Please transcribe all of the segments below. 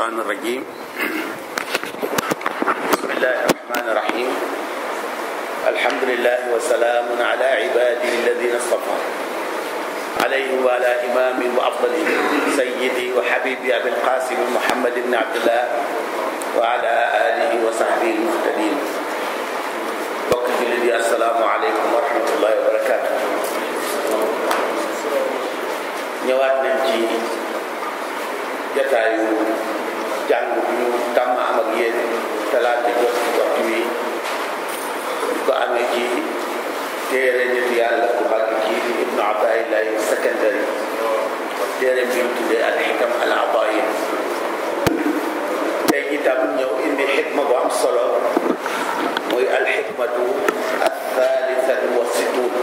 الشيطان الرجيم بسم الله الرحمن الرحيم الحمد لله وسلام على عباده الذين اصطفى عليه وعلى إمامه وأفضله سيدي وحبيبي أبي القاسم محمد بن عبد الله وعلى آله وصحبه المهتدين mbokk jullit yi assalaamu aleykum wa rahmatullahi wa barakaatu ñëwaat nañ ci jataayu jàng bi ñu tàmm am ak yéen talaata jot waxtu wi ñu ko amee ci téere nit yàlla ku mag kii di ibnu abdaillahi secondary téere bi ñu tuddee al xikam al abaya tey itam ñëw indi xikma bu am solo muy al xikmatu al thalithatu wa situun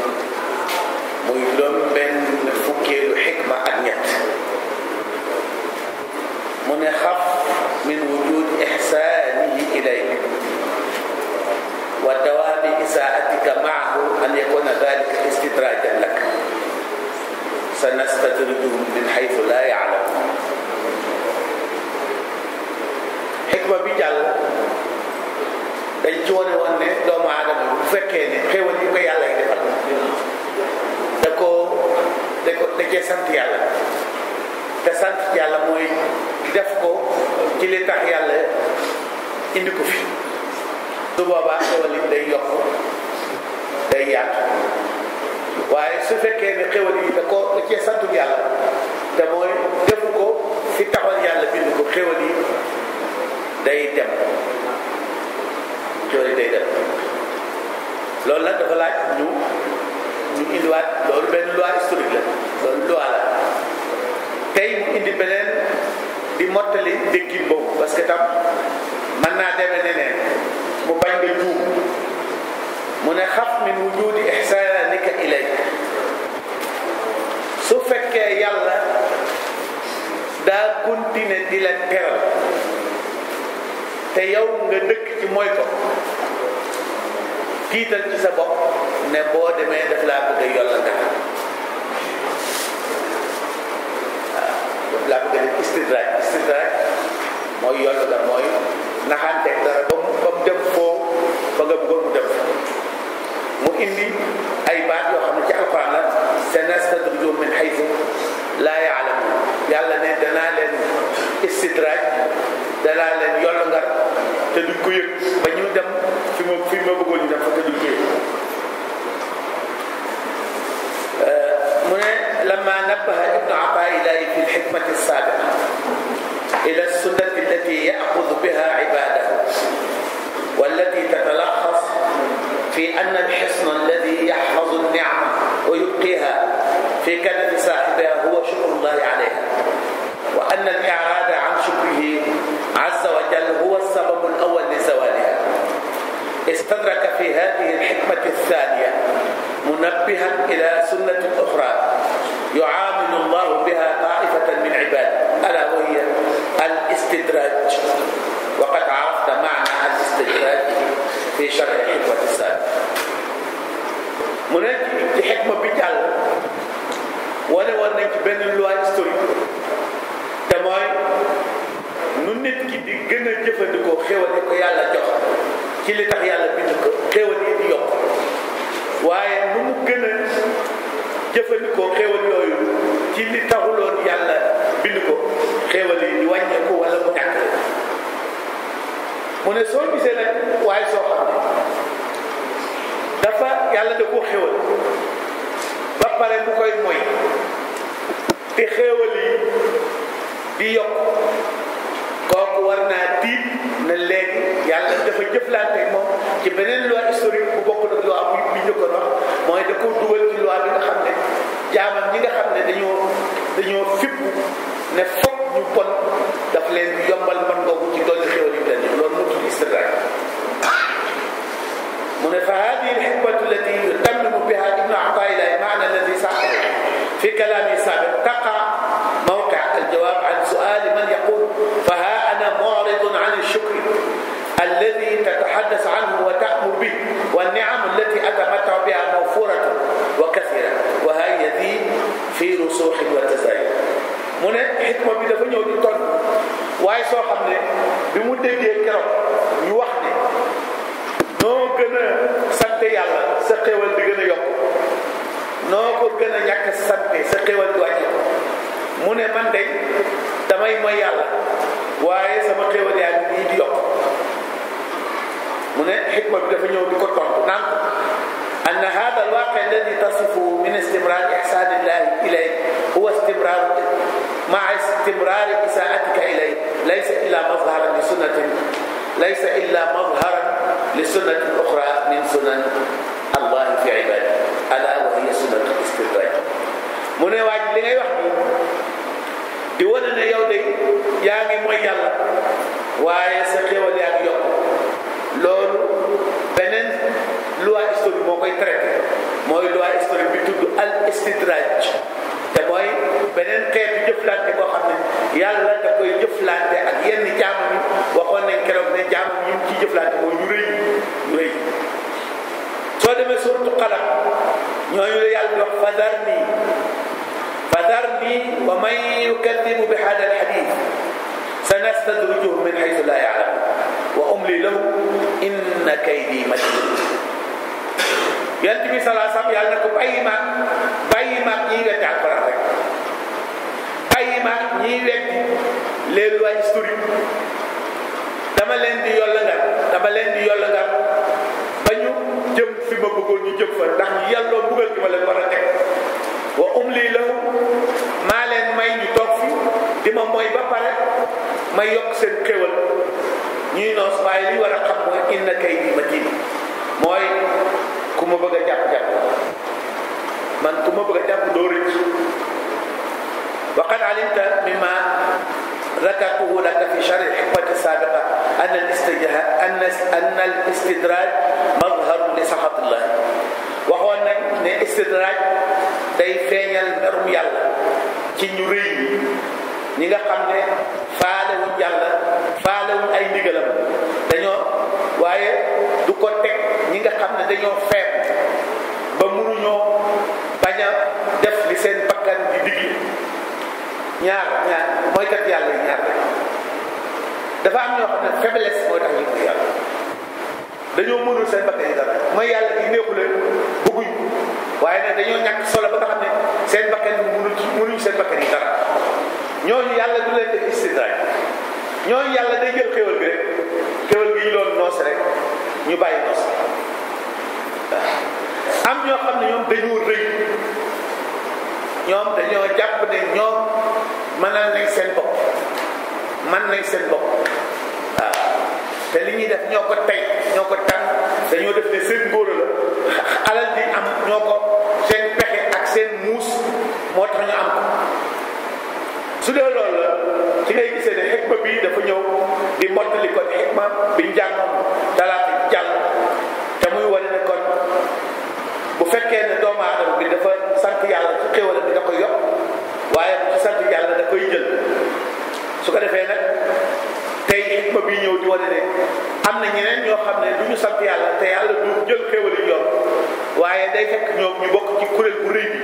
muy juróom benn fukkeelu xikma ak ñett mu ne xaf من وجود إحسانه إليك ودوام إساءتك معه أن يكون ذلك استدراجا لك سنستدرجهم من حيث لا يعلمون xikma bi jàll dañ ci wane woon ne doomu aadama bu fekkee ne xéewal yi ko yàlla yi defal da ko da ko da cee sant yàlla te sant yàlla mooy def ko ci li tax yàlla indi ko fi su boobaa xewal day yokk day yaatu waaye su fekkee ne xewal yi da ko da cee santul yàlla te mooy defu ko fi taxoon yàlla bind ko xewal yi day dem coori day dem loolu na dafa laaj ñu ñu indiwaat loolu benn loi historique la indi beneen di mottali déggin boobu parce que tam mën naa demee neneen mu bañ nga mu ne xaf min wujudi ihsaanika ilayk su fekkee yàlla daa continuer di la teral te yow nga dëkk ci mooy ko tiital ci sa bopp ne boo demee daf laa bëgg yolla nga boobu laa bëgg a def mooy yoll mooy naxaanteeg dara ba ba mu dem foo ba mu dem ay baat yoo xam ne ci alquran la sanastadrijuhum min haythu laa ya'lamuun yàlla ne danaa leen istidraaj danaa leen yoll ngar te ba ñu fi ma fi ma bëggoon لما نبه ابن عطاء إليه في الحكمة السابقة إلى السنة التي يأخذ بها عباده والتي تتلخص في أن الحصن الذي يحفظ النعم ويبقيها في كنف صاحبها هو شكر الله عليها وأن الإعراض عن شكره عز وجل هو السبب الأول لزوالها استدرك في هذه الحكمة الثانية منبها إلى سنة أخرى يعامل الله بها طائفة من عباده ألا وهي الاستدراج وقد عرفت معنى الاستدراج في شرح حكمة السابق mu nekk ci xikma bi jàll wane woon nañ ci benn loi historique te mooy nu nit ki di gën a jëfandikoo xéwal yi ko yàlla jox ci li tax yàlla bind ko xéwal yi di yokk waaye nu mu gën a jëfandikoo xéewal yooyu ci li taxuloon yàlla bind ko xéewal yi ñu wàññeeku wala mu ñàkk mu ne soo gisee nag waaye soo xam dafa yàlla da koo xéewal ba pare mu koy moy te xéewal yi di yokk kooku war naa tiit na léegi yàlla dafa jëflante moom ci beneen loi historique bu bokk nag loi bi ñu ko wax mooy da ko dugal jaamam ñi nga xam ne dañoo dañoo fipp ne foog ñu bon daf leen yombal man googu ci dolli xéwal yu leen loolu moo tudd istidraaj mu ne fa hadihi alhikmatu allati yutammimu biha ibnu ataillahi maana alladi saqa fi kalami sabiq taqa mawqi aljawab an suali man yaqul fa ha ana muridun an alshukri alladi tatahaddas anhu wa ta'mur bihi والنعم التي أتمتع بها موفورة وكثيرة fii rusuuxin wa tazaayun mu ne xikma bi dafa ñëw di ton waaye soo xam ne bi mu déggee keroog ñu wax ne noo gën a sant yàlla sa xéwal di gën a yokk noo ko gën a ñàkk sante sa xéwal di wàññi mu ne man de damay mooy yàlla waaye sama xéwal yaa ngi di yokk mu ne xikma bi dafa ñëw di ko tontu naan أن هذا الواقع الذي تصفه من استمرار إحسان الله إليك هو استمرار مع استمرار إساءتك إليه ليس إلا مظهرا لسنة ليس إلا مظهرا لسنة أخرى من سنن الله في عباده ألا وهي سنة الاستدراج mu ne waaj li ngay wax ni di wane ne yow de yaa ngi mooy yàlla waaye sa xéwal yaa ngi yokk al istidraj te mooy beneen xeetu jëflante boo xam ne yàlla da koy jëflante ak yenn jaamu yi waxoon nañ keroog ne jaamu yi ñu ci jëflante mooy ñu rëy ñu rëy soo demee surtu xalam ñooñu la yàlla wax fadar nii fadar nii wa man yukadibu bi hada al hadith sanastadrijuhum min haythu la ya'lamun wa umli lahum inna kaydi matin yonent bi salaa sam yàlla na ko bàyyi maag bàyyi maag ñiy rek bàyyi maag ñiy weddi les lois historiques dama leen di yollangal dama leen di yollangal ba ñu jëm fi ma bëggoon ñu jëm fa ndax ñu yàlloo mbugal gi ma leen war a teg wa umli lahum maa leen may ñu toog fi di ma mooy ba pare may yokk seen xéwal ñuy noos waaye li war a xam mooy inna kaydi matin mooy ma bëgg a jàpp jàpp man ku ma bëgg a jàpp doo rëcc wa qad alimta mimma ذكرته لك في شرح الحكمة السابقة أن أن أن الاستدراج مظهر لسخط الله waxoon nañ ne istidraaj day feeñal merum yàlla ci ñu rëy ñi nga xam ne faalewuñ yàlla faalewuñ ay ndigalam dañoo waaye du ko teg ñi nga xam ne dañoo feebar bañ def li seen bakkan bi digle ñaar ñaar mooy kat yàlla ñaar rek dafa am ñoo xam ne faiblesse moo tax ñu seen bakkan yi mooy yàlla di néewu leen waaye nag dañoo ñàkk solo ba nga xam ne seen bakkan yi mënul mënuñ seen bakkan yi dara ñoo yàlla du leen def istidraaj ñooñu yàlla day jël xéwal bi rek xéwal gi ñu doon noos rek ñu bàyyi noos ñoo xam ne ñoom dañoo rëy ñoom dañoo jàpp ne ñoom mënal nañ seen bopp mën nañ seen bopp te li ñuy def ñoo ko tey ñoo ko tànn dañoo def ne seen góor la alal bi am ñoo ko seen pexe ak seen muus moo tax ñu am ko su dee loolu la ci ngay gisee ne xekma bi dafa ñëw di mottali ko ne xekma bi njàng talaata jàng fekkee ne doomu aadama bi dafa sant yàlla ci bi da koy yokk waaye bu ci sant yàlla da koy jël su ko defee nag tey xikma bi ñëw di wane ne am na ñeneen ñoo xam ne du ñu sant yàlla te yàlla du jël xéwal yi waaye day fekk ñoom ñu bokk ci kuréel bu rëy bi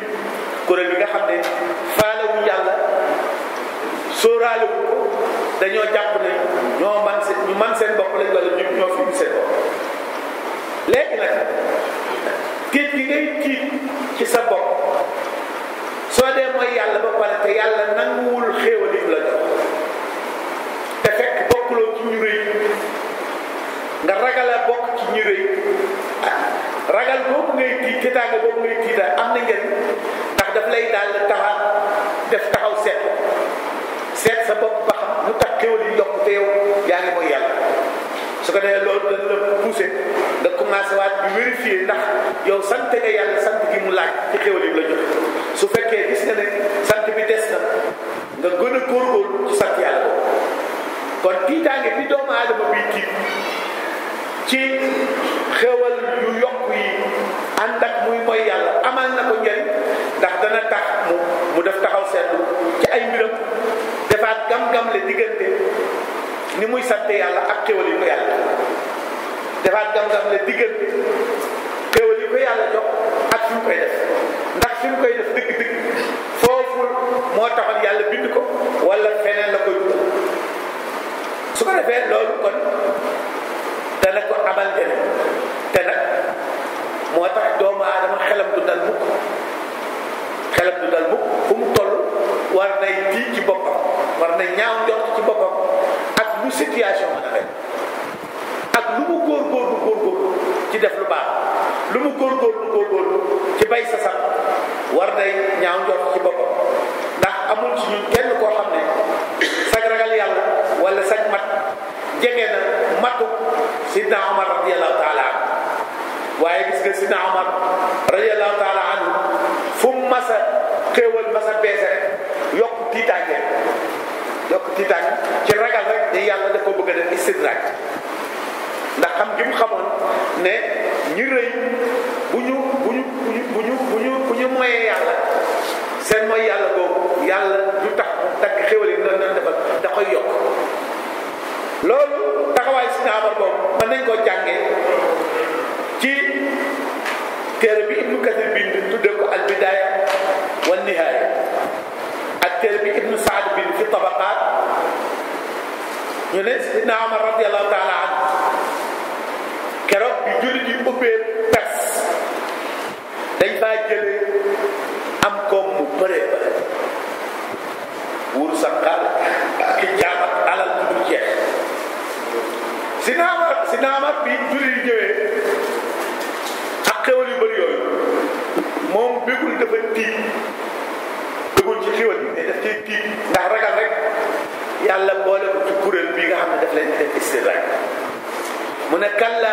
kuréel bi nga xam ne faalewu yàlla sóoraale wu ko dañoo jàpp ne ñoo man seen ñu man seen bopp lañ wala ñu ñoo fi seen bopp léegi nag tiit gi ngay tiit ci sa bopp soo dee mooy yàlla ba pare te yàlla nanguwul xéewal yi la jox te fekk bokkuloo ci ñu rëy nga ragal a bokk ci ñu rëy ragal boobu ngay tiit tiitaange boobu ngay tiita am na njëriñ ndax daf lay daal taxa def taxaw seet seet sa bopp ba xam lu tax xéewal yi yokk te yow yaa ngi mooy yàlla su ko defee loolu dañ la poussé commencé waat di vérifier ndax yow sant nga yàlla sant gi mu laaj ci xéwal yi la jox su fekkee gis nga ne sant bi des na nga gën a góorgóorlu ci sant yàlla kon tiitaange bi doomu aadama biy tiit ci xéwal yu yokk yi ànd ak muy mooy yàlla amal na ko njëriñ ndax dana tax mu mu def taxaw seetlu ci ay mbiram defaat gam-gam diggante ni muy sante yàlla ak xéwal yi ko yàlla defaat gam gam ne diggal xéewal yi ko yàlla jox ak fi mu koy def ndax fi mu koy def dëgg foofu moo taxoon yàlla bind ko wala feneen la koy dugal su ko defee loolu kon dana ko amal njëriñ moo tax doomu aadama xelam du dal mukk xelam du dal mukk fu mu war nay tii ci boppam war na ñaaw njort ci boppam ak lu situation mën a ci def lu baax lu mu góorgóorlu góorgóorlu ci bay sa war day ñaaw njort ci boppam ndax amul ci kenn koo xam ne sag ragal yàlla wala sag mat jege na matu sidna Omar radiyallahu taala waaye gis nga sidna Omar radiyallahu taala fu mu masa xéewal masa beese rek yokk tiitaange yokk tiitaange ci ragal rek di yàlla def ko bëgg a def istidraaj ndax xam gi mu xamoon ne ñi bu ñu bu ñu bu ñu bu ñu bu ñu yàlla seen mooy yàlla boobu yàlla du tax dagg xéwal yi noonu noonu defal da koy yokk loolu taxawaay sahaaba boobu mën nañ koo jàngee ci téere bi ibnu kasir bind tuddee ko al bidaaya wa nihaaya ak téere bi ibnu saad bind fi tabaqaat ñu ne sidna Omar radiyallahu taala anhu keroog bi jullit yi ubbee Perse dañ faa jëlee am koom mu bëree bëri wuru sax xaal ki jaam ak alal bu dul si naamat bi jullit yi ñëwee ak xewal yu bëri yooyu moom bégul dafa tiit bégul ci xewal yi mais daf cee rek yàlla boole ko ci kuréel bii nga xam ne daf leen mu ne kalla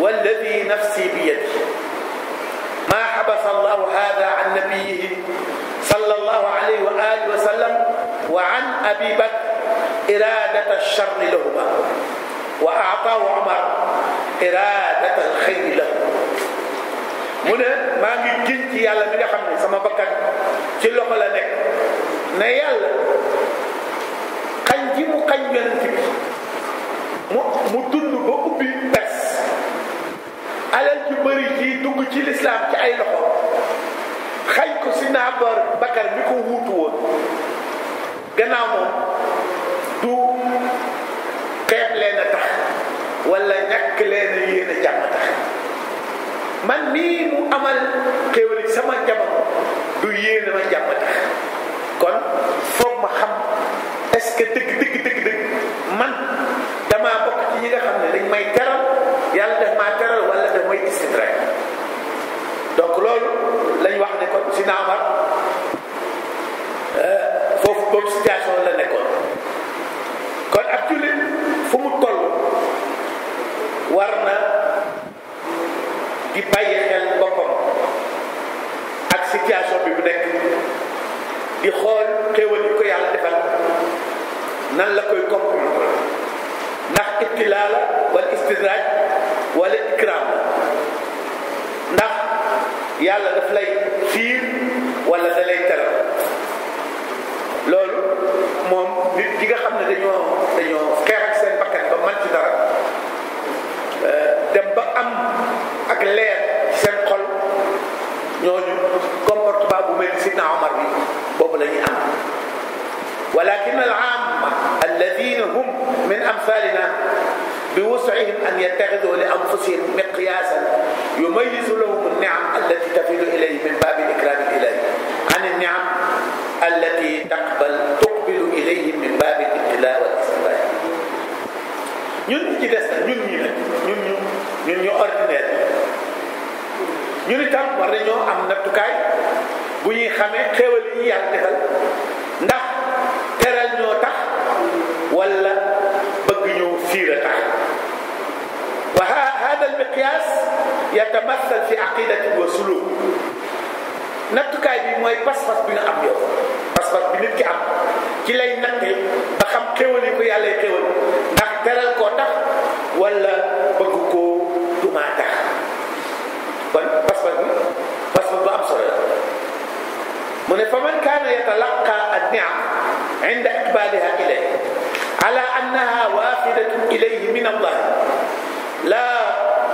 walladi nafsi bi yadi maa xabasa allahu hada an nabiyihi sallallahu alayhi wa alihi wa sallam wa an abi bakr iradata alcharri lahuma wa aataahu omar iradata alxayri lahuma mu ne maa ngi giñ ci yàlla mi nga xam ne sama bakkan ci loxo la nekk ne yàlla xañ ji mu xañ yonent bi mu dund ba ubbi pes alal ju bëri ji dugg ci lislaam ci ay loxo xañ ko si naabar bakar mi ko wuutu woon gannaaw moom du xeeb leen a tax wala ñàkk leen a yéen a tax man nii mu amal xéwal yi sama jamono du yéene ma jàmm tax kon foog ma xam est que dëgg dëgg dëgg dëgg man xam ne dañ may teral yàlla def maa teral wala daf may istidraay donc loolu lañ wax ne kon si naamar euh, foofu boobu situation la nekkoon kon ak jullit fu mu toll war na di bàyyi xel boppam ak situation bi bu nekk di xool xéewal yi ko yàlla defal nan la koy comprendre ibtilaala wala istidraaj wala ikraam ndax yàlla daf lay wala da lay loolu moom nit ñi nga xam ne dañoo dañoo xeex ak seen bakkan ba man ci dara dem ba am ak leer seen xol ñooñu comportement bu mel ni Sidna bi boobu la ñuy am ولكن العامة الذين هم من أمثالنا بوسعهم أن يتخذوا لأنفسهم مقياسا يميز لهم النعم التي تفيد إليه من باب الإكرام الإلهي عن النعم التي تقبل تقبل إليهم من باب الابتلاء والاستباء ñun ci des na ñun ñu ne ñun ñu ñun ñu ordinaire ñun itam war nañoo am nattukaay bu ñuy xamee xéewal yi ñu yàlla defal ndax teral ñoo tax wala bëgg ñoo fiir a tax wa hada al miqyas fi aqidati wa suluk nattukaay bi mooy pas-pas bi nga am yow pas-pas bi nit ki am ci lay natte ba xam xéwal yi tax wala bëgg koo dumaa tax bi mu ne fa man kaana yatalaqa an-ni'am inda iqbaliha ilayhi ala annaha wafidatun ilayhi min allah la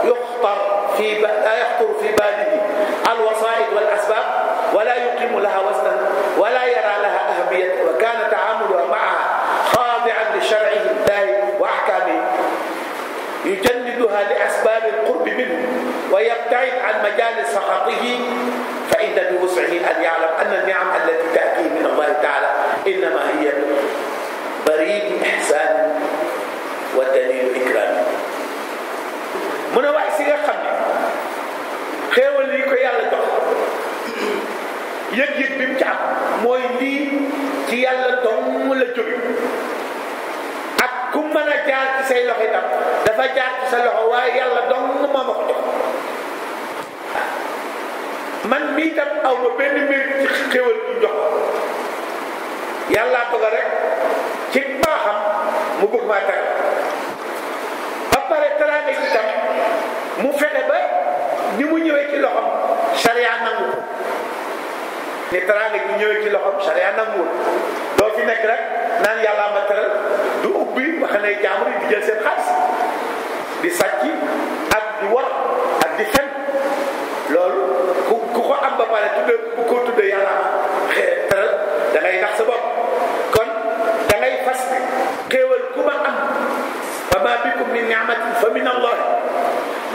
yuxtar fi la yaxtur fi baalihi al-wasa'id wal-asbab wala yuqimu laha waznan wala yara laha ahamiyatan wa kana taamuluha ma'aha xaadi'an li shar'ihi illahi wa ahkamihi yujanniduha li asbabi al-qurbi minhu wa yabta'id an majalis saxatihi فإن من وسعه أن يعلم أن النعم التي تأتيه من الله تعالى إنما هي بريد إحسان ودليل إكرام mu ne waaye si nga xam ne xéewal yi ko yàlla jox yëg-yëg bi mu ci am mooy lii ci yàlla dong la jóge ak ku mën a jaar ci say loxo itam dafa jaar ci sa loxo waaye yàlla dong moo ma ko jox man mii tam aw ma benn mbir ci xéwal bu jox yàllaa dogal rek ci baaxam mu bëgg maa tàgg ba pare teraanga gi tam mu fexe ba ni mu ñëwee ci loxom sariya nangu ko ni teraanga gi ñëwee ci loxom sariya nanguwul doo fi nekk rek naan yàllaa ma teral du ubbi wax ne jaamur yi di jël seen xaalis di sàcc ak di war ba pare tudde bu ko tudde yàlla xee eh, tëral da ngay nax sa bopp kon da ngay fas xéewal ku ma am fa ma bikum min ni'matin fa min allah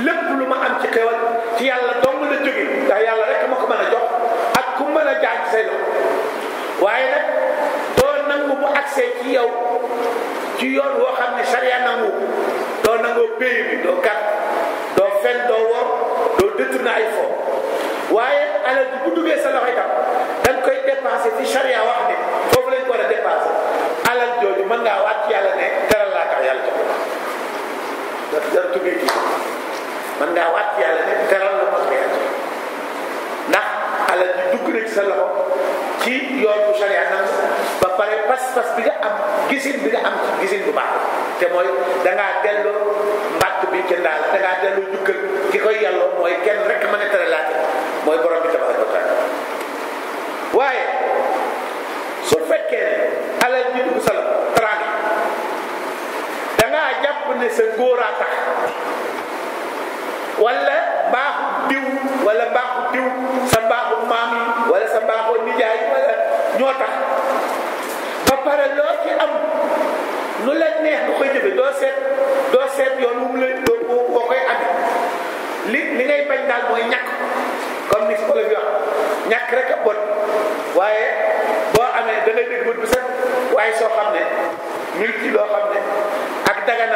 lépp lu ma am ci xéewal ci yàlla dong la jóge ndax yàlla rek ma ko mën a jox ak ku a jaaj say loxo waaye nag doo nangu bu accès ci yow ci yoon woo xam ne sariya nangu doo nangoo béy bi doo gàtt doo alal bi bu duggee sa loxo itam dañ koy dépensé ci charia wax ne foofu lañ ko war a dépensé alal jooju mën ngaa waat ci yàlla ne teral laa tax yàlla jox la dara ndax alal ji dugg na ci sa loxo ci yoonu charia nag ba pare pas-pas bi nga am gisin bi nga am gisin bu baax te mooy dangaa delloo mbàtt bi kenn daal dangaa delloo jukkal ki koy yàlloo mooy kenn rek mën a teralaate mooy borom bi tabaraka wa taala waaye su fekkee alal ji dugg sa la teraanga jàpp ne sa góor a tax wala baaxu diw wala baaxu diw sa baaxu maam yi wala sa baaxu nijaay wala ñoo tax ba pare loo ci am lu la neex lu koy jëfe doo seet doo seet yoon mu la doo boo koy amee li li ngay bañ daal mooy ñàkk comme ni ko olof yi wax ñàkk da ngay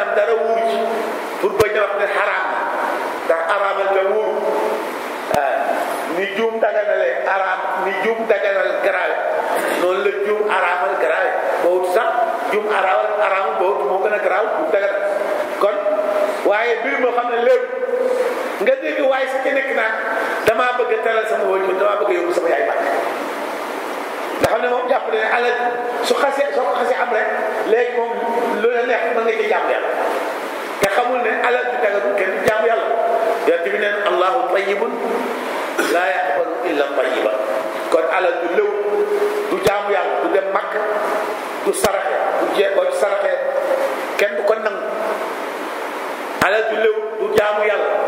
ah, daganale araam ni juum daganal garaawe noonu la juum araamal garaawe boo wut sax juum araamal araamal boo wut moo gën a garaaw juum daganal kon waaye mbir moo xam ne léegi nga dégg waaye si nekk naan damaa bëgg a teral sama wóor yi damaa bëgg a yóbbu sama yaay ne moom jàpp ne alal su xasee soo ko xasee am lu la neex mën nga ci jàmm yàlla te xamul ne alal bi tagatul kenn jàmm yàlla yonent bi du lëw du du dem màkk du saraxe du jeex boo ci saraxee kenn du ko nangu alal du lëw du jaamu yàlla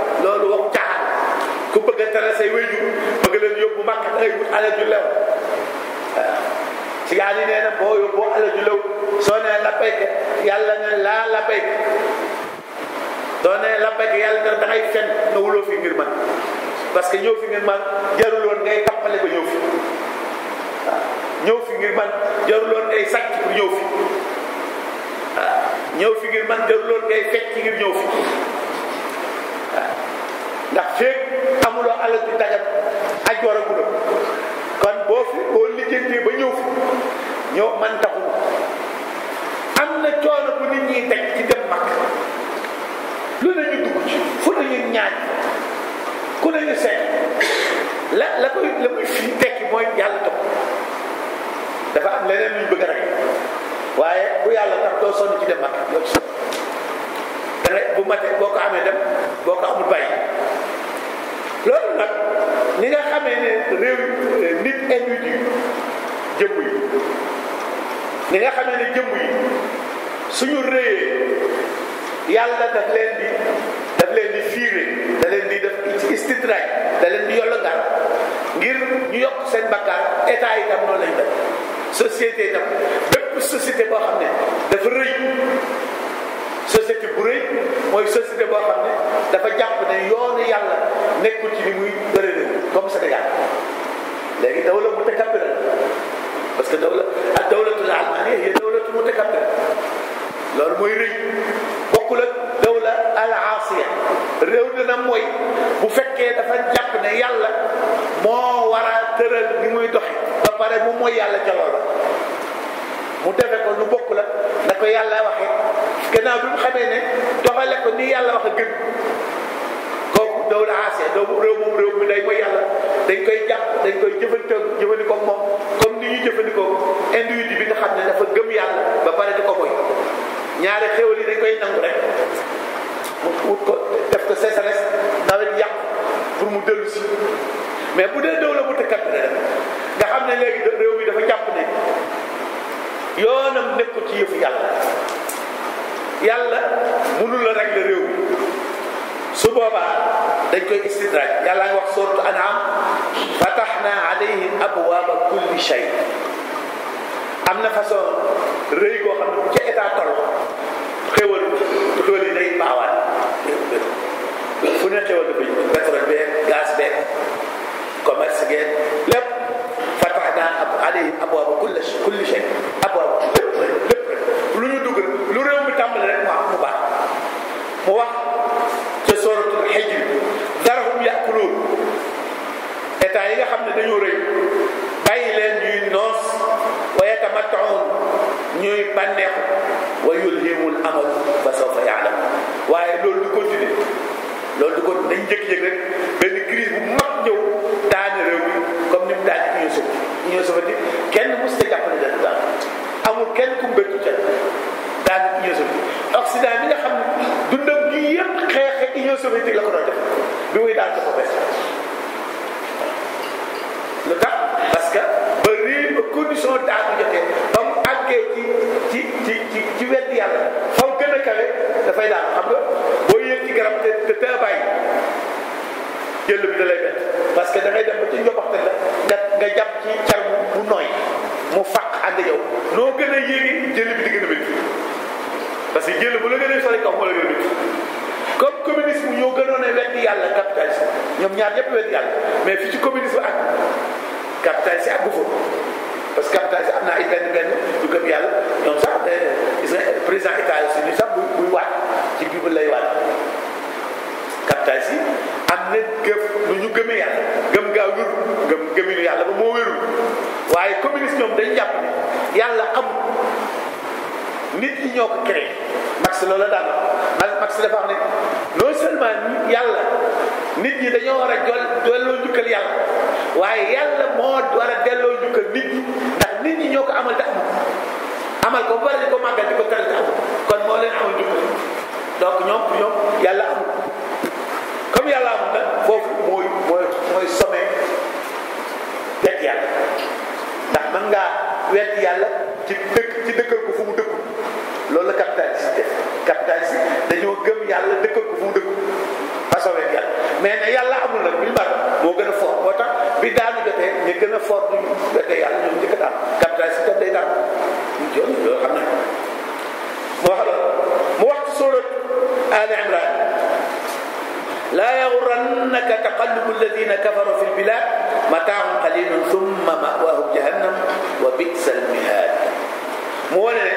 bëgg a tere say wéyjur bëgg leen yóbbu màkk da ngay ju lew waaw si gaa yi boo yóbboo alal ju lew soo nee labbayka yàlla ne laa labbayka soo nee labbayka yàlla ne da fen nga wuloo fi ngir man parce que ñëw fi ngir man jaruloon ngay tappale ba ñëw fi waaw ñëw fi ngir man jaruloon ngay sàcc pour ngir man fi waaw amuloo alal bi dajal aj waragula kon boo fi boo lijjantee ba ñëw fi ñëw man taxul am na coono bu nit ñiy teg ci dem mag lu nañu dugg ci fu nañu ñaaj ku nañu seet la la koy la koy fii tekki mooy yàlla tax dafa am leneen luñ bëgg rek waaye bu yàlla tax doo sonn ci dem mag yow bu matee boo ko amee dem boo ko amul bàyyi loolu nag ni nga xamee ne réew euh, nit individu jëmm yi ni nga xamee ne jëmm yi suñu réyee yàlla daf leen di daf leen di fiire da leen di def istidraaj da leen di yollangaan ngir ñu yokk seen bakkaar état yi tam noonu société tam bépp société boo xam ne société bu rëy mooy société boo xam ne dafa jàpp ne yoonu yàlla nekkul ci ni muy tëralee comme Sénégal léegi dawla mutakabbira parce que dawla ak dawlatul almaniya hiya dawlatu mutakabbira loolu mooy rëy bokkul ak dawla al asiya réew dina mooy bu fekkee dafa jàpp ne yàlla moo war a tëral ni muy doxe ba pare mu mooy yàlla ca mu defe ko lu bokk la nda ko yàlla waxe gannaaw bi mu xamee ne doxale ko nii yàlla wax a gën kooku doomu aase doomu réew moom réew mi day mooy yàlla dañ koy jàpp dañ koy jëfandikoo jëfandikoo moom comme ni ñuy jëfandikoo individu bi nga xam ne dafa gëm yàlla ba pare di ko moy ñaari xéwal dañ koy nangu rek mu ko def ko sécheresse nawet yàq pour mu dellu si mais bu dee dëw la mu tëkkat nga xam ne léegi réew mi dafa jàpp ne yoonam nekku ci yëfu yàlla yàlla mënu la régler réew mi su boobaa dañ koy istidraj yàlla nga wax sourate an'am fataxna abwaaba kulli shay am na façon rëy goo xam ne ca état tol xéwal xéwal fu ne xéwal bi pétrole beeg gaz beeg fatahna alayhim abwaaba kulli kulli shay abwaaba lépp lépp lu ñu dugal lu réew mi tàmbali rek mu am mu baax mu wax ca sooratul Hijr darhum yaakuluun état yi nga xam ne dañoo rëy bàyyi leen ñuy noos wa yatamatta'uun ñuy bànneexu wa yulhimul amal fa sawfa ya'lamuun waaye loolu du continuer loolu du continuer dañ jékki-jékki rek benn crise bu mag ñëw. Union soviétique kenn mës ta jàpp ne dana daal kenn ku bi nga xam ne dundam gi yëpp xeexe Union soviétique la ko doon bi muy daal dafa bees lu tax parce que ba réew ba condition daal bu jotee ba mu àggee ci ci ci ci yàlla faw gën a kawe dafay daal xam nga boo yéeg ci garab te te a bàyyi jël bi da lay bett parce que da ngay dem ba ci njobaxte la nga nga ci car bu nooy mu fàq ànd yow noo gën a yéegi jël bi di gën a métti parce que jël bu la gën a sori kaw moo la gën a métti comme communisme ñoo gënoon a weddi yàlla capitalisme ñoom ñaar ñëpp weddi yàlla mais fi ci communisme ak capitalisme ak bu parce que am na ay benn benn du gëm yàlla ñoom sax eh, gis nga président état yi suñu sax buy buy ci bible lay waat kattaasi am na gëm nu ñu gëmee yàlla gi gaa wér gëm gëminu yàlla ba moo wérul waaye communiste ñoom dañ jàpp yàlla amul nit ñi ñoo ko créé Marx loola daal man Marx dafa wax ne non seulement nit ñi dañoo war a jol delloo njukkal yàlla waaye yàlla ñi ñoo ko amal te amul amal ko bari ko màggal di ko teral te kon moo leen amal njukkal donc ñoom ñoom yàlla amul comme yàlla am nag foofu mooy mooy mooy sommet wet yàlla ndax mën ngaa wet yàlla ci dëkk ci dëkkal ko fu mu dëkku loolu la capitaliste def capitaliste dañoo gëm yàlla dëkkal ko fu mu dëkku façon wet yàlla mais ne yàlla amul nag biñu bar moo gën a fort moo tax bi daanu jotee ñu gën a fort duñ يغرنك تقلب الذين كفروا في البلاد متاع قليل ثم مأواهم جهنم وبئس المهاد mu wane ne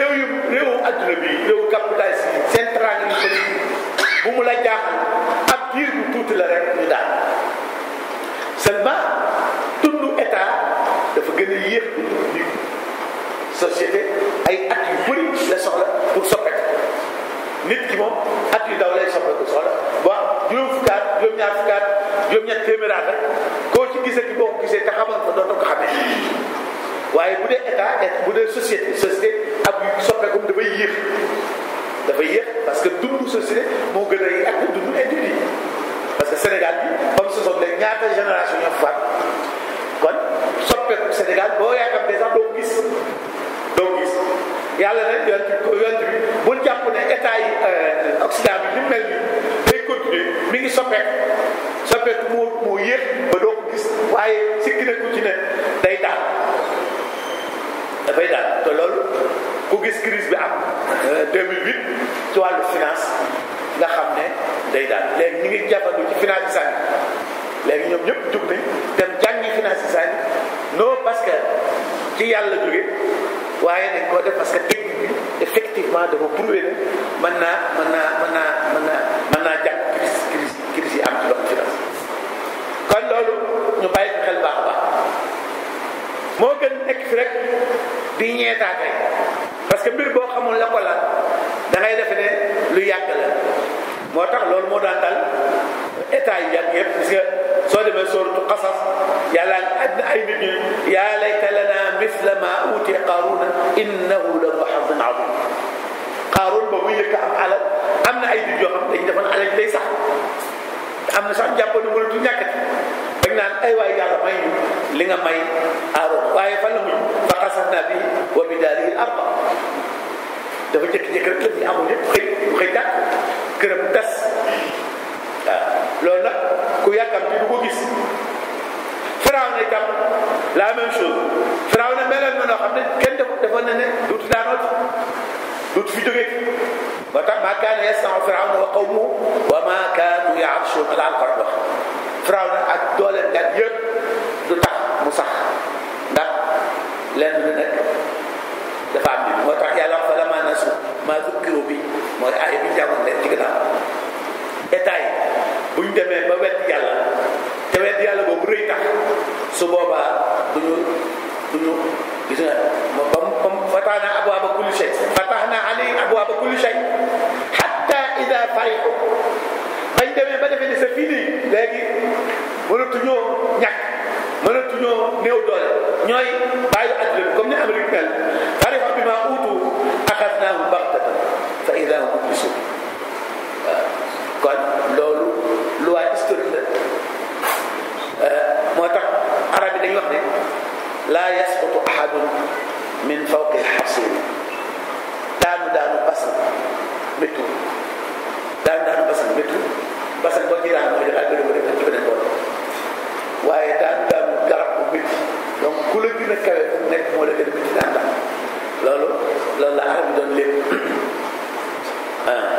réew yu réewu adduna bi réewu capitalisme yi seen trangin bëri bu mu la jaaxal ab diir bu tuuti la rek ñu daal seulement tundu état dafa gën a yéex ni société ay at yu bëri la soxla pour soppeeku nit ki moom at yu daw lay at juróom ñaar fukki at juróom ñett téeméer at rek koo ci gisee ci boo ko gisee te xamal ko doon ko xamee waaye bu dee état bu dee société société ab yu soppeekum dafay yéex dafay yéex parce que dundu société moo parce que Sénégal bi comme ce sont les ñaata génération ñoo faat kon soppeeku Sénégal boo yaakaar ne sax doo gis doo gis yàlla nag yonent bi bu jàpp ne état yi euh, ni mel nii. continuer mi ngi soppeeku soppeeku moo moo yéex ba doo ko gis waaye sikki na ku ci ne day daal dafay daal te loolu ku gis crise bi am 2008 euh, ci wàllu finance nga xam ne day daal léegi ñu ngi jàppandu ci finance sànni léegi ñoom ñëpp jug nañ dem jàngi finance sànni non parce que ci yàlla jóge waaye dañ ko def parce technique bi effectivement dafa prouvé ne mën naa mën naa mën naa mën naa mën dox ci tas kon loolu ñu bàyyi ci xel baax a baax moo gën nekk fi rek di ñeetaate parce que mbir boo xamul la ko la da ngay defe ne lu yàgg la moo tax loolu moo daan dal état yu yàgg yëpp parce que soo demee sooratu qasas yàlla àddina ay nit ñi yaa layta lana misla ma utiya qaaruna innahu la du xadin azim qaarun ba mu yëkk am alal am na ay nit yoo xam dañu defoon alal day sax am na sax jàpp ne mënatu ñàkkati bañ naan ay waay may li nga may aaroon waaye fan la mujj fa xasafnaa bihi wa bidaarihi arba dafa jékki-jékki rek la ñu amul lépp xëy xëy dàq ku yàkkam bi du ko firaaw na jàpp la même chose firaaw na meloon na loo xam kenn defoon na ne duutu daanooti duutu fi jógee moo tax maa kaana yasma'u firawna wa qawmuhu wa maa kaanu ya'rishun la Alxuraan wax firawna ak dooleen gan yëpp du tax mu sax ndax lenn lu nekk dafa am bi moo tax yàlla wax falammaa nasuu maa zukkiru bi mooy aaya bi jàngoon leen ci ginnaaw état yi bu demee ba wedd yàlla te wedd yàlla boobu rëy tax su boobaa du ñu fatahna abwaaba kulli shay fatahna alayhim abwaaba kulli shay hatta ida farihu bañ demee ba defee ne c'est fini léegi mënatuñoo ñàkk mënatuñoo néew doole ñooy bàyyi àdduna bi comme ni Amérique mel farihu bima uutu axadnaahum baxtatan fa ida hum mublisun kon loolu loi historique la euh, moo tax arab yi dañuy wax ne laa yasqutu ahadun min fawqi xasin daanu daanu basan méttu daanu daanu basan méttu basan boo ci daan moo joxe ak bërigo def ci beneen bool waaye daanu daanu garab bu métti donc ku la gën a kawe fu mu nekk moo la gën a métti daan daan loolu loolu la arab bi doon lépp ah.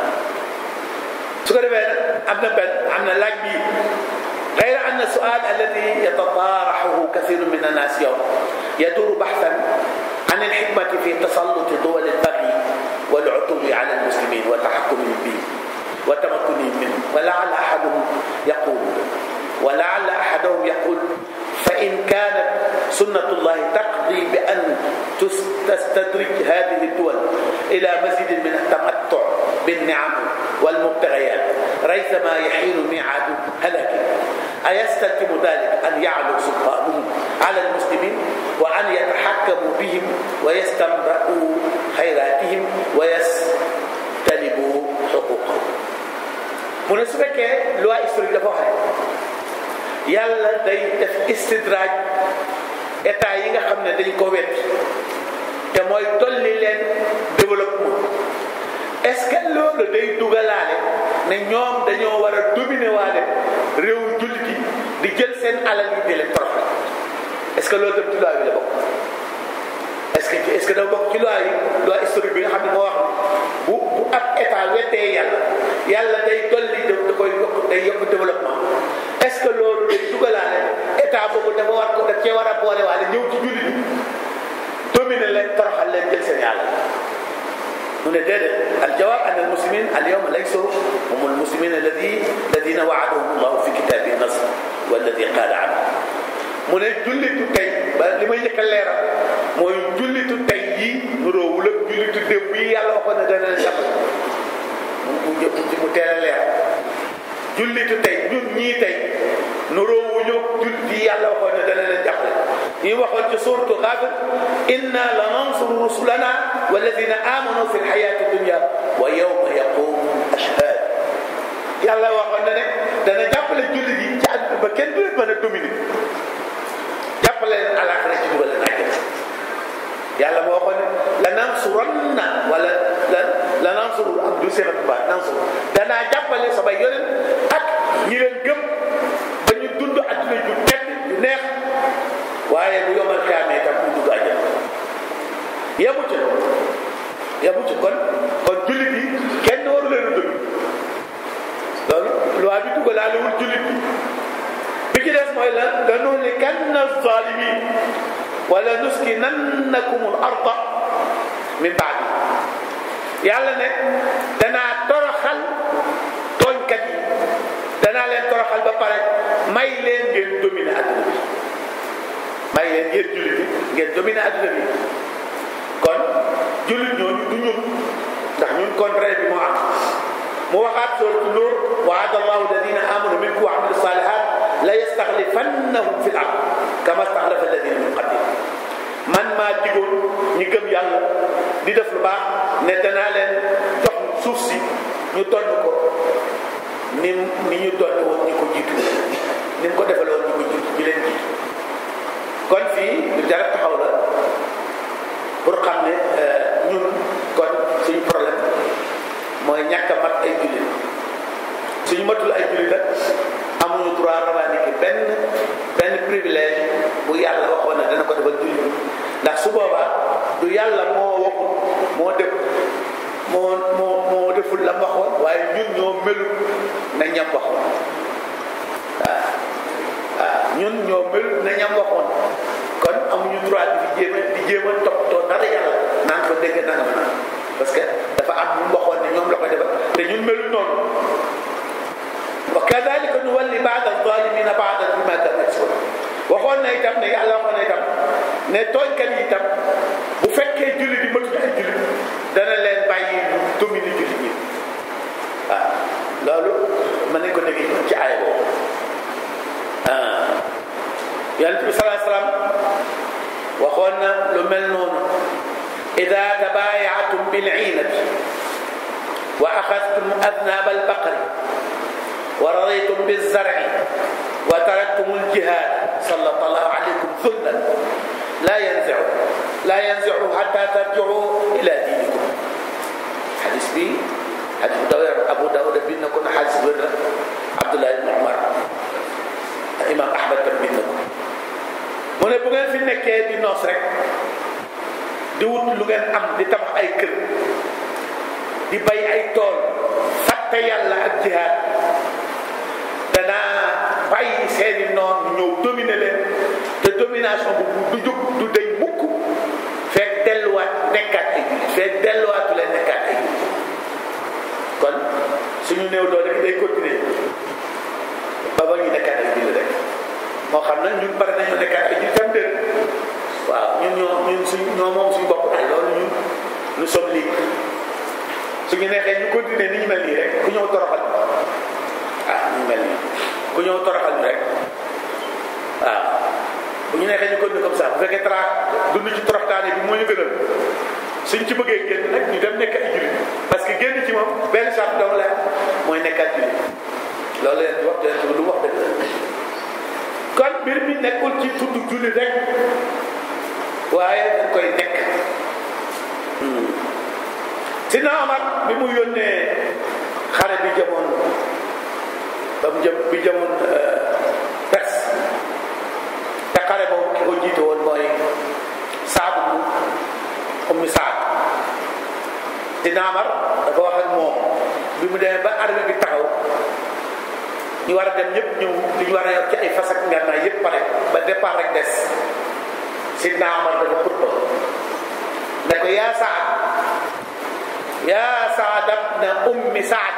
su ko defee am na benn am na laaj bi غير أن السؤال الذي يتطارحه كثير من الناس يوم يدور بحثا عن الحكمة في تسلط دول البغي والعتوم على المسلمين وتحكمهم به وتمكنهم منه ولعل أحدهم يقول ولعل أحدهم يقول فإن كانت سنة الله تقضي بأن تستدرج هذه الدول إلى مزيد من التمتع بالنعم والمبتغيات ريثما يحين ميعاد هلك أيستلزم ذلك أن يعلو سلطانهم على المسلمين وأن يتحكموا بهم ويستمرقوا خيراتهم ويستلبوا حقوقهم mu ne su fekkee loi historique dafa wax ne yàlla day def istidraaj état yi nga xam ne dañ ko wet te mooy dolli leen développement est-ce que loolu day dugalaale ne ñoom dañoo war a dominer waale réew di jël seen alal yi la leen toroxal est que loolu tam ci loi bi la bokk est-ce que est-ce que dafa bokk ci loi yi loi historique bi nga xam ne moo wax bu bu ab état wettee yàlla yàlla day dolli da koy yokk day yokk développement est-ce que loolu day dugalaale état boobu dafa war ko da cee war a boole waale ñëw ci jullit bi dominer leen toroxal leen jël seen yàlla ندرب الجواب أن المسلمين اليوم ليسوا هم المسلمين الذي الذين وعدهم الله في كتابه النصر والذي قال عنه mu ne jullitu tey ba li ma njëkk a leeral mooy jullitu tey yi nuroowul ak jullitu démb yi yàlla waxoon na dana leen jàppale mu mu mu teel a leeral jullitu tey ñun ñii tey nuroo wu ñu jul di yàlla waxoon ne dana leen jàppale yi waxoon ci suuratu Gaafir inna la nansuru rusulana walladina amanu fi lxayaati dunya wa yawma yaqumu ashhad yàlla waxoon na ne dana jàppale jullit yi ci àdduna ba kenn du leen mën a dominer jàppale leen alaaxira ci dugal leen àjjana yàlla moo waxoon ne la nansuranna wala lan la nansuru ak du seen ak baax nansuru danaa jàppale samay yonent ak ñi leen gëm adduna ju tedd ju neex waaye bu yomal xaamee tam mu dugg àjjana yamu ci yamu ci kon kon jullit yi kenn waru leen a dugg loolu loi bi dugg laa lewul jullit bi bi ci des mooy lan nga nuhli kanna zalimin wala nuskinannakum al arda min baadi yàlla ne danaa toroxal dinaa leen toroxal ba pare may leen ngeen dominer adduna bi may leen ngeen jullit bi ngeen dominer adduna kon jullit ñooñu du ñun ndax ñun contraire bi moo am mu waxaat sourate Nuur wa'ada Allahu alladhina amanu minkum wa 'amilu salihat la yastakhlifannahum fil ard kama stakhlafa min qablihim man maa digoon ñi gëm yàlla di def lu baax ne danaa leen jox suuf si ñu tonn ko ni ni ñu doon woon ñu ko jiitu ni ko defaloo woon ñu ko jiitu ñu leen jiitu kon fii lu jar taxaw la pour xam ne euh, ñun kon suñu problème mooy ñàkk a mat ay jullit suñu matul ay jullit nag amuñu droit revendiquer benn benn privilège bu yàlla waxoon na dana ko defal jullit ndax su boobaa du yàlla moo waxul moo dëpp moo moo moo deful la waxoon waaye ñun ñoo melut na ñam waxoon waaw ah, ah, waaw ñun ñoo melut na ñam waxoon kon amuñu droit di jéem a di jéem a toppatoo dara yàlla naan ko dégg nangam naan parce que dafa am ñu waxoon ne ñoom la ko defal te ñun melut noonu wa kadalika nuwalli baada zalimina baada bima kanu yasfun waxoon na itam ne yàlla waxoon na itam ne tooñkat yi itam bu fekkee julli di mëtu loolu mën nañ ko dégg ci aay boobu ah. yonent bi salaa salaam waxoon na lu mel noonu ida tabaayaatum bil iinati wa axastum adnaab al baqari wa raditum bil zarci wa taraktum al jihaad sallallahu allahu alaykum zullan laa yanziu laa yanziu xatta tarjiu ila diinikum xadis bi xadis bu dawér Abu Dawud bind na ko na xadis wér na Abdullah ibn Umar imam Ahmad tam bind na ko mu ne bu ngeen fi nekkee di noos rek di wut lu ngeen am di tabax ay kër di bay ay tool fàtte yàlla ak jihaad danaa bàyyi seeni noon ñëw dominer leen te domination bu du jóg du day mukk fekk delluwaat nekkaat ci fekk delluwaat kon suñu néew doole rek day continuer ba ba ñu nekkaat ay jullit rek moo xam ne ñun pare nañu nekkaat ay jullit tam déet waaw ñun ñoo ñun suñ ñoo moom suñu bopp daal loolu ñun nous sommes libres suñu neexee ñu continuer ni ñu mel nii rek ku ñëw toroxal ah ñu mel nii ku ñëw toroxal rek waaw bu ñu neexee ñu continuer comme ça bu fekkee tra dund ci toroxtaane bi moo ñu gënal suñ ci bëggee génn nag ñu dem nekk jullit parce que génn ci moom benn charte dong la mooy nekkaat jullit loolu leen wax leen wax dëgg la kon mbir mi nekkul ci tudd rek waaye dañ koy nekk hmm. Sidna Omar bi mu yónnee xare bi jëmoon ba mu jëm bi jëmoon euh, Perse te xare boobu ki ko jiite woon mooy saabu ummi saad dina amar dafa wax ak moom bi mu demee ba armée bi taxaw ñu war a dem ñëpp ñëw li ñu war a yor ci ay fas ak ngànnaay yëpp pare ba départ rek des sidna amar dafa xutba ne ko yaa saad yaa saad abna saad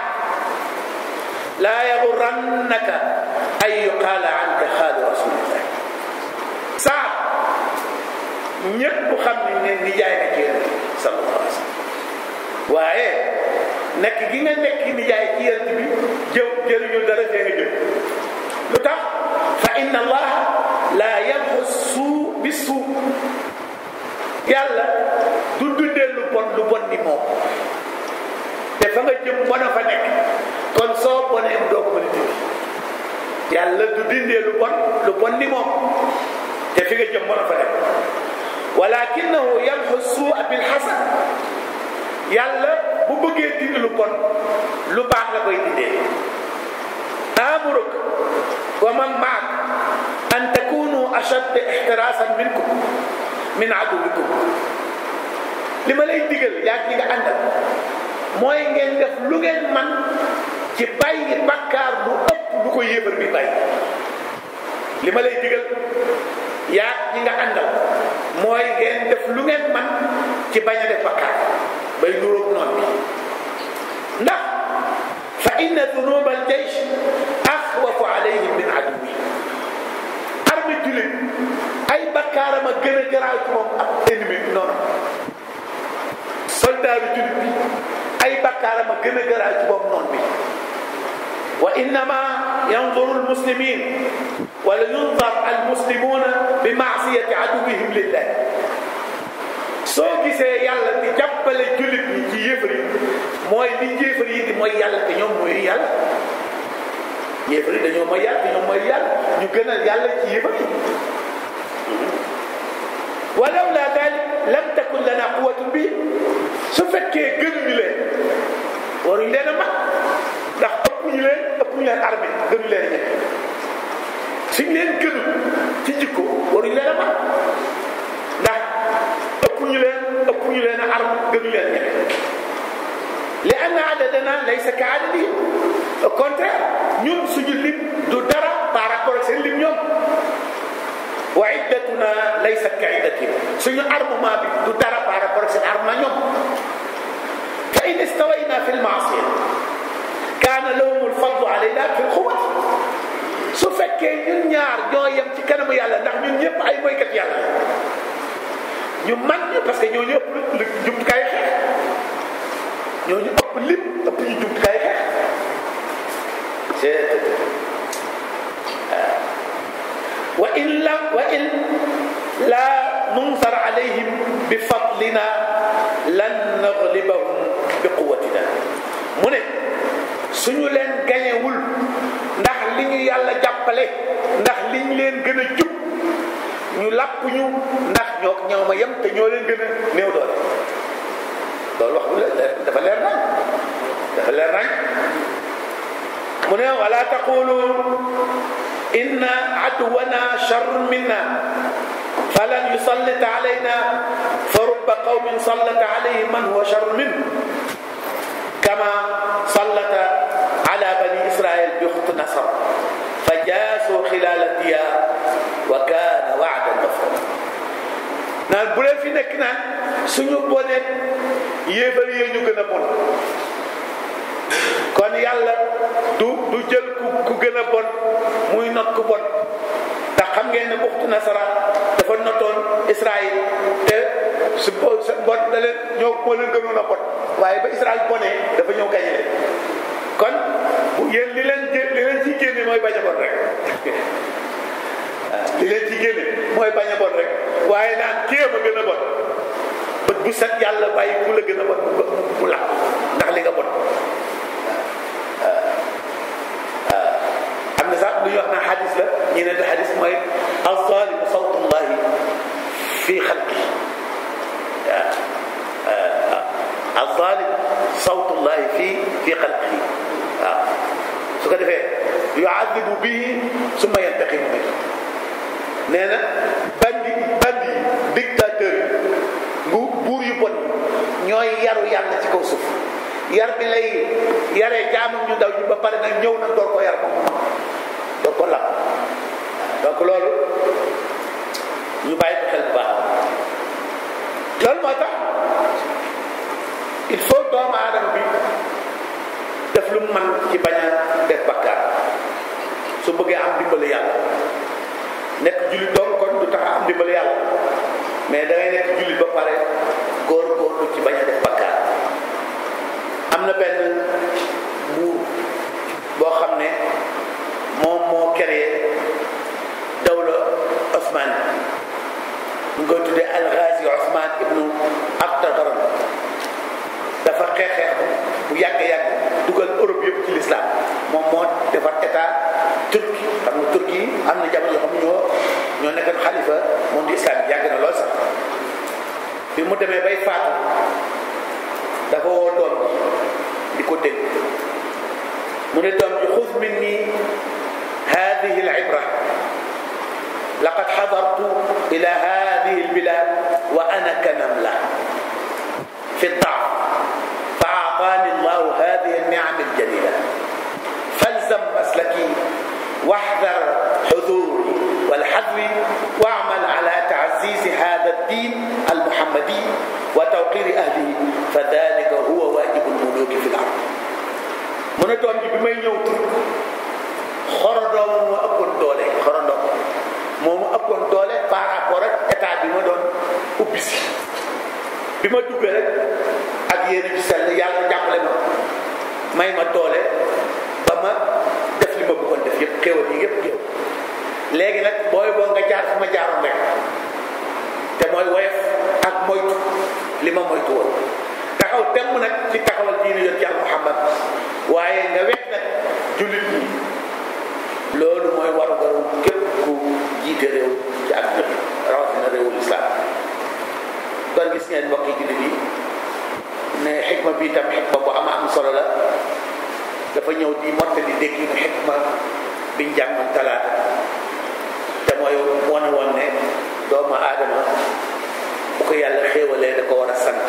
laa yagurannaka an yuqaala anka xaalu rasulillah ñëpp xam nañ ne ni jaay na ci yéen sallallahu alayhi wa waaye nekk gi nga nekk ni ci yéen bi jëw jëriñu dara fee nga jël lu tax fa inna allaha la yamhu suu bi suu yàlla du dundee lu bon lu bon ni moom te fa nga jëm bon a fa nekk soo bonee doo yàlla du dindee lu bon lu bon ni moom te fi nga jëm bon a fa nekk walakinahu yamhu suu'a bil hasan yàlla bu bëggee dindi lu bon lu baax la koy dindee amuruk wa man maak an takunu ashadda ihtirasan minkum min aduwikum li ma lay digal yaa ñi nga àndal mooy ngeen def lu ngeen man ci bàyyi bàkkaar lu ëpp lu ko yéefar bi bàyyi li ma lay digal yaa ñi nga àndal mooy ngeen def lu ngeen man ci bañ a def bay nuróog noon bi ndax fa inna dunuba al jaysh axwafu alayhim min aduwi armée ay bakkaaram a gën a garaaw bi jullit bi ay bakkaaram gën a garaaw ci al muslimin ولينظر المسلمون بمعصية عدوهم لله soo gisee yàlla di jàppale jullit ñi ci yëfër yi mooy li yëfër yi di mooy yàlla te ñoom mooy yàlla yëfër yi dañoo mooy yàlla te ñoom mooy yàlla ñu gënal yàlla ci yëfër yi walaw laa daalik lam takun lana quwwatun bi su fekkee gënuñu leen waruñu leen a mag ndax ëpp ñu leen ëpp ñu leen armée gënuñu leen ñekk suñ leen gënu ci jikko waruñ leen a man ndax ëpp ñu leen ëpp ñu leen a arm gënu leen ne li anna adadana laysa ka adadi au contraire ñun suñu lim du dara par rapport ak seen lim ñoom wa iddatuna laysat ka iddatim suñu armement bi du dara par rapport ak seen armement ñoom fa in istawayna fi lmaasiya kaana lahum alfadlu alayna fi lquwwati su fekkee ñun ñaar ñoo yem ci kanamu yàlla ndax ñun ñëpp ay moykat yàlla ñu man ñu parce que ñoo ñu ëpp lu jumtukaay xeex ñoo ñu ëpp lim ëpp ñu jumtukaay xeex c'est wa in la wa in la nunsar alayhim bi fadlina lan naglibahum bi quwatina mu ne suñu leen gañewul ndax li ñu yàlla jàppale ndax liñ leen gën a jub ñu làpp ñu ndax ñoo ñoo ma yem te leen gën a néew doole loolu wax dafa leer nañ dafa leer nañ mu ne wala taqulu inna aduwana charrun minna falan yusallit alayna fa rubba qawmin sallat alayhi man huwa charrun minhu kama sallata ala bani israil bi xut nasar fa jaasoo xilaal diyaar bu fi nekk naan suñu bonee kon yàlla xam ngeen ne buxtu nasara dafa notoon Israël te waaye ba Israël bonee dafa ñëw gañe leen kon bu yéen li leen jé li leen ci génne mooy bañ a bon rek li leen ci génne mooy bañ a bon rek waaye naan kéema gën a bon bët bu set yàlla bàyyi ku la gën a bon mu làq ndax li nga bon am na sax lu ñuy wax naa xadis la ñu ne te xadis mooy azzalimu sawtullahi fi xalqi sawtullahi fii fii xalqihi waaw su ko defee yuadibu bihi summa yantaqimu bi nee na bandi bandi dictateur yi ngu buur yu bon ñooy yaru yàlla ci kaw suuf yar bi lay yaree jaamam ñu ndaw ñu ba pare nag ñëw nag door ko yar moom door ko làq donc loolu ñu bàyyi ko xel bu baax loolu moo tax il faut doomu aadama bi def lu mu man ci bañ def bakkaar su bëggee am dimbali yàlla nekk jullit doom kon du tax am dimbali yàlla mais da ngay nekk jullit ba pare góor-góorlu ci bañ a def bakkaar am na benn buur boo xam ne moom moo créé dawla Osman ñu ngi koy tuddee al Osman ibnu Affan dafa xeexeex bu yàgg-yàgg dugal Europe yëpp ci l'islam moom moo defar état turki yi am na jamono yoo xam ñoo ñoo nekkoon xalifa moom di islam yàgg na bi mu demee bay faatu dafa woo doom di ko dégg mu ne doom ji xuf min ni al ibra laqad xadartu ila hadihi al bilad wa ana أعطاني الله هذه النعم الجليلة فالزم مسلكي واحذر حضوري والحذوي واعمل على تعزيز هذا الدين المحمدي وتوقير أهله فذلك هو واجب الملوك في الأرض mu ne doom ji bi may ñëw tur xorondoo moom moo ëppoon doole xorondoo moom moo ëppoon doole par rapport ak état bi ma doon ubbi si bi ma duggee rek ak yéen a ci sell may ma doole ba ma def li ma bëggoon def yëpp xéwal yi yëpp xéw léegi nag booy boo nga jaar fu ma jaaroon rek te mooy woyof ak moytu li ma moytu woon taxaw temm nag ci taxawal diine yoon ci al muhammad waaye nga wet nag jullit ñi loolu mooy waru garu képp ku jiite réew ci ak jot rawatina réewul islam kon gis ngeen mbokk yi jullit ne xikma bi tam xikma bu ama am solo la dafa ñëw di mottali dégg ñu xikma biñ jàngoon talaata te mooy wane woon ne doomu aadama bu ko yàlla xéewalee da ko war a sant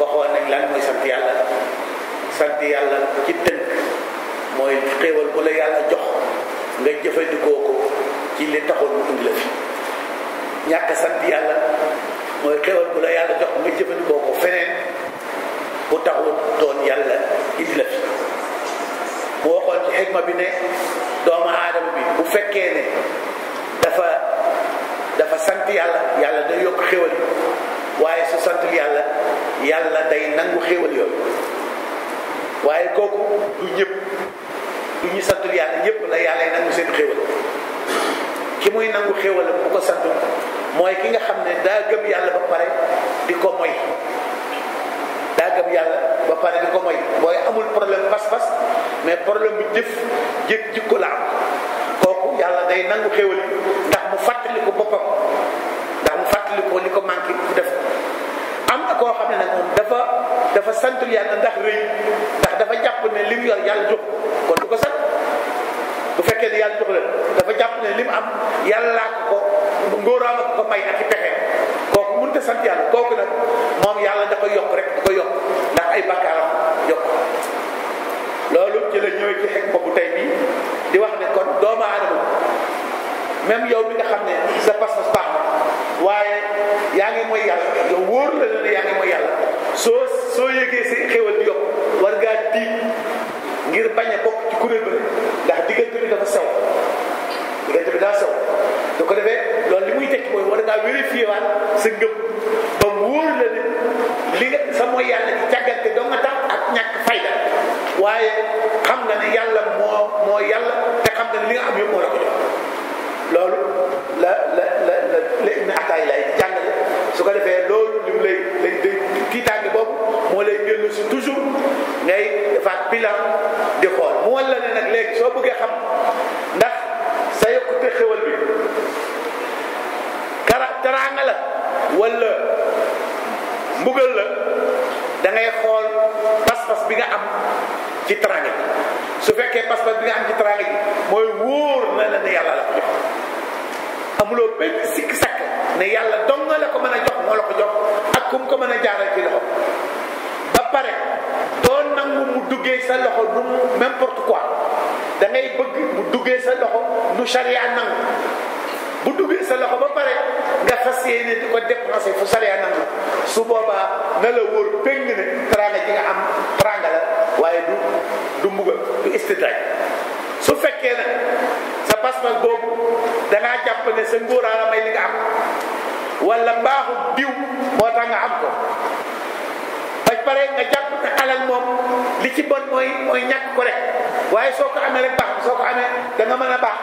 waxoon nañ lan mooy sant yàlla sant yàlla ci tënk mooy xéewal bu la yàlla jox nga jëfandikoo ko ci li taxoon mu indi la fi ñàkk sant yàlla mooy xewal bu la yàlla jox nga jëfandikoo ko feneen bu taxul doon yàlla indi la fi mu waxoon ci xikma bi ne doomu aadama bi bu fekkee ne dafa dafa sant yàlla day yokk xewal yi waaye su santul yàlla yàlla day nangu xewal yooyu waaye kooku du ñëpp du ñu santul yàlla ñëpp la yàlla nangu ki muy nangu xewal bu ko santul mooy ki nga xam ne daa gëm yàlla ba pare di ko moy daa yàlla ba pare di ko booy amul problème pas-pas mais problème bu jëf jëf jikko la am kooku yàlla day nangu xéwal ndax mu fàttali ko boppam ndax mu fàttali ko li ko manqué bu def am na koo xam ne nag moom dafa dafa santul yàlla ndax rëy ndax dafa jàpp ne li mu yor yàlla jox kon du ko sant bu fekkee ne yàlla jox la dafa jàpp ne li am yàlla ko ngóoraama ko ko may ak i pexe kooku mënut a sant yàlla kooku nag moom yàlla da koy yokk rek da koy yokk ndax ay bakkaaram yokk loolu ci la ñëwee ci bii di wax ne kon doomu aadama même yow mi nga xam ne sa pas-pas baax na waaye yaa ngi mooy yàlla yow wóor la ne yaa ngi mooy yàlla soo soo yëgee si xéwal di yokk war ngaa tiit ngir bañ a bokk ci kuréel ba ndax diggante bi dafa sew diggante bi daa sew. soo ko defee loolu li muy tekki mooy war ngaa vérifier waat sa ngëm ba wóor la ne li nga sa mooy yàlla ci càggante doo nga tax ak ñàkk fayda waaye xam nga ne yàlla moo moo yàlla te xam nga ne li nga am yëpp moo la ko jox loolu la la la la la ibn ataay su ko defee loolu li mu lay boobu moo lay dellu si toujours ngay defaat bilan di mu wan ne nag léegi soo bëggee xam ndax sa yokkute xéwal bi kara teraanga la wala mbugal la da xool pas-pas bi nga am ci teraanga ji su fekkee pas-pas bi nga am ci teraanga ji mooy wóor na la yàlla la ko amuloo benn sikk sakk ne yàlla dong la ko mën a jox moo la ko jox ak kum ko mën a jaaral ci loxo ba pare bëgg mu duggee sa loxo nu n'importe quoi da ngay bëgg mu duggee sa loxo nu charia nangu bu duggee sa loxo ba pare nga fas yéene di ko dépensé fu charia nangu su boobaa na la wóor péng ne teraanga ji nga am teraanga la waaye du du mbugal du su fekkee nag sa passeport boobu dangaa jàpp ne sa ngóoraa la may li nga am wala mbaaxu diw moo tax am ko te alal li ci bon mooy mooy ñàkk ko waaye soo ko amee rek soo ko amee da mën a baax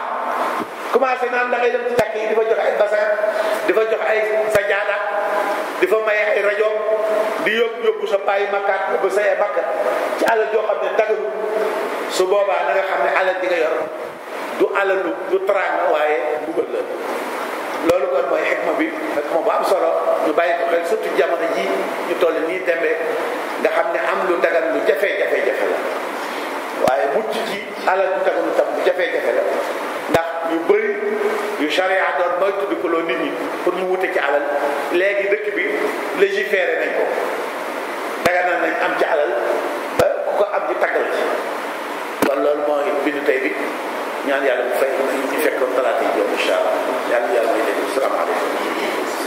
commencé naan da ngay dem ci di fa joxe ay basin di fa ay sajaada di fa maye ay rajo di yóbbu yóbbu sa payi makkaat yóbbu sa yee bakka ci alal joo xam ne dagalu su boobaa da xam ne alal di nga yor du alalu du teraanga waaye mbugal la loolu kon mooy xikma bi xikma bu am solo ñu bàyyi ko xel surtout jamono ji ñu toll nii tembe nga xam ne am lu dagan lu jafe-jafe-jafe la waaye mucc ci alal bu dagan tam lu jafe-jafe ndax yu bëri yu charia doon mooy tudd ko loo nit ñi pour ñu wute ci alal léegi dëkk bi légiféré nañ ko daganal nañ am ci alal ku ko am ci taggal loolu mooy bindu tey bi ñaan yàlla bu fay ñu fekkoon talaata yi yow incha allah yàlla yàlla may déglu salaamaaleykum